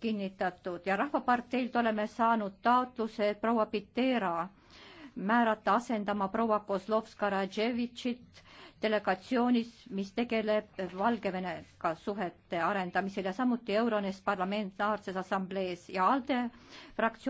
kinnitatud ja Rahvaparteilt oleme saanud taotluse proua Pitera määrata asendama proua Kozlovska-Radževitšit delegatsioonis, mis tegeleb Valgevenega suhete arendamisel ja samuti Euronest parlamentaarses assamblees ja ALDE fraktsioon